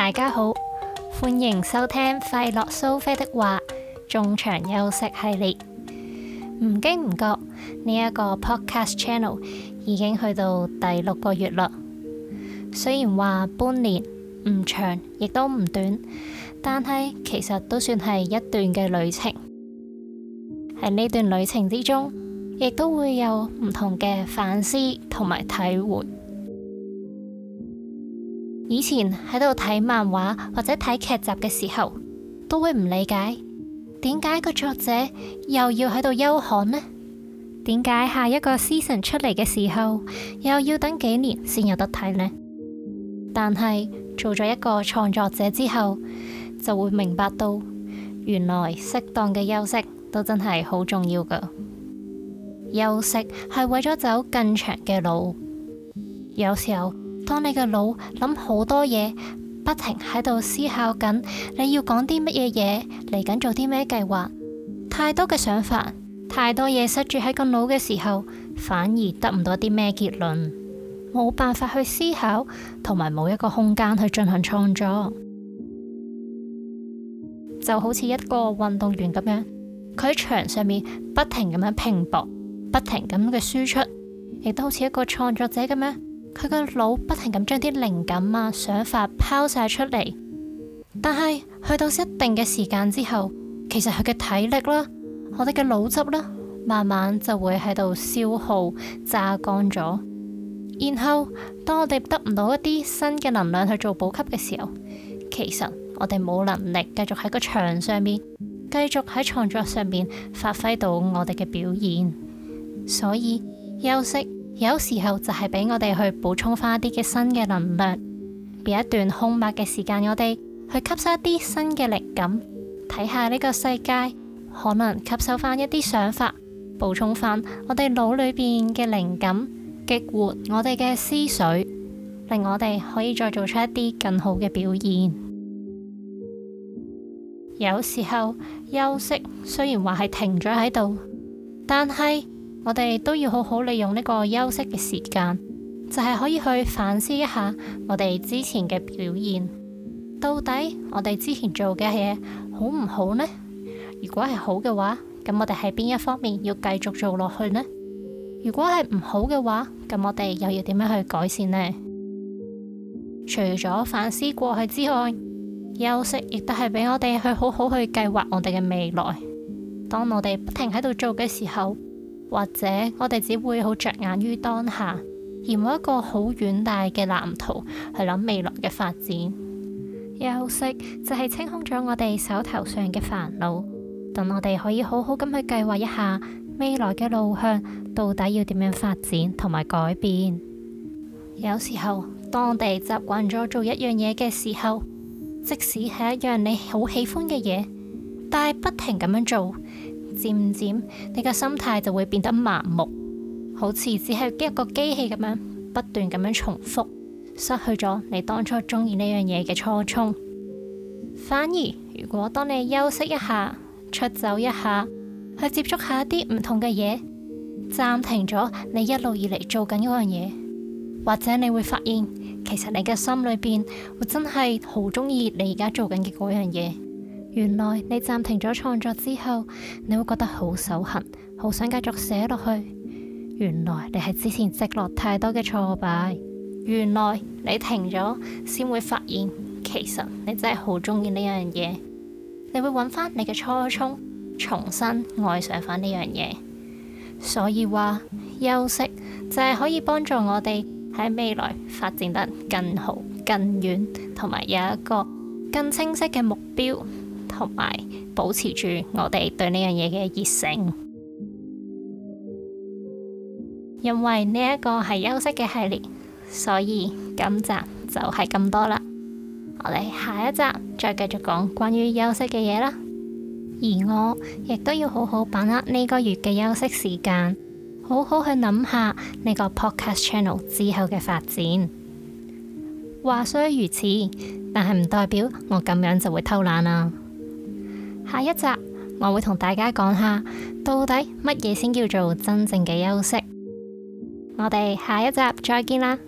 大家好，歡迎收聽快樂蘇菲的話中場休息系列。唔經唔覺，呢一個 podcast channel 已經去到第六個月啦。雖然話半年唔長，亦都唔短，但係其實都算係一段嘅旅程。喺呢段旅程之中，亦都會有唔同嘅反思同埋體會。以前喺度睇漫畫或者睇劇集嘅時候，都會唔理解點解個作者又要喺度休刊呢？點解下一個詩神出嚟嘅時候，又要等幾年先有得睇呢？但係做咗一個創作者之後，就會明白到原來適當嘅休息都真係好重要噶。休息係為咗走更長嘅路，有時候。當你嘅腦諗好多嘢，不停喺度思考緊，你要講啲乜嘢嘢，嚟緊做啲咩計劃，太多嘅想法，太多嘢塞住喺個腦嘅時候，反而得唔到啲咩結論，冇辦法去思考，同埋冇一個空間去進行創作，就好似一個運動員咁樣，佢喺場上面不停咁樣拼搏，不停咁嘅輸出，亦都好似一個創作者咁樣。佢個腦不停咁將啲靈感啊、想法拋晒出嚟，但係去到一定嘅時間之後，其實佢嘅體力啦、我哋嘅腦汁啦，慢慢就會喺度消耗、榨乾咗。然後當我哋得唔到一啲新嘅能量去做補給嘅時候，其實我哋冇能力繼續喺個場上面、繼續喺創作上面發揮到我哋嘅表現，所以休息。有時候就係俾我哋去補充翻一啲嘅新嘅能量，有一段空白嘅時間，我哋去吸收一啲新嘅靈感，睇下呢個世界可能吸收翻一啲想法，補充翻我哋腦裏邊嘅靈感，激活我哋嘅思緒，令我哋可以再做出一啲更好嘅表現。有時候休息雖然話係停咗喺度，但係。我哋都要好好利用呢個休息嘅時間，就係可以去反思一下我哋之前嘅表現，到底我哋之前做嘅嘢好唔好呢？如果係好嘅話，咁我哋喺邊一方面要繼續做落去呢？如果係唔好嘅話，咁我哋又要點樣去改善呢？除咗反思過去之外，休息亦都係俾我哋去好好去計劃我哋嘅未來。當我哋不停喺度做嘅時候。或者我哋只會好着眼於當下，而冇一個好遠大嘅藍圖去諗未來嘅發展。休息就係清空咗我哋手頭上嘅煩惱，等我哋可以好好咁去計劃一下未來嘅路向，到底要點樣發展同埋改變。有時候，當我哋習慣咗做一樣嘢嘅時候，即使係一樣你好喜歡嘅嘢，但係不停咁樣做。漸漸，你嘅心態就會變得麻木，好似只係一個機器咁樣，不斷咁樣重複，失去咗你當初中意呢樣嘢嘅初衷。反而，如果當你休息一下、出走一下，去接觸下一啲唔同嘅嘢，暫停咗你一路以嚟做緊嗰樣嘢，或者你會發現，其實你嘅心裏邊會真係好中意你而家做緊嘅嗰樣嘢。原來你暫停咗創作之後，你會覺得好手痕，好想繼續寫落去。原來你係之前積落太多嘅挫敗。原來你停咗先會發現，其實你真係好中意呢樣嘢。你會揾翻你嘅初衷，重新愛上返呢樣嘢。所以話，休息就係可以幫助我哋喺未來發展得更好、更遠，同埋有一個更清晰嘅目標。同埋保持住我哋對呢樣嘢嘅熱誠，因為呢一個係休息嘅系列，所以今集就係咁多啦。我哋下一集再繼續講關於休息嘅嘢啦。而我亦都要好好把握呢個月嘅休息時間，好好去諗下呢個 Podcast Channel 之後嘅發展。話雖如此，但係唔代表我咁樣就會偷懶啦。下一集我會同大家講下到底乜嘢先叫做真正嘅休息。我哋下一集再見啦。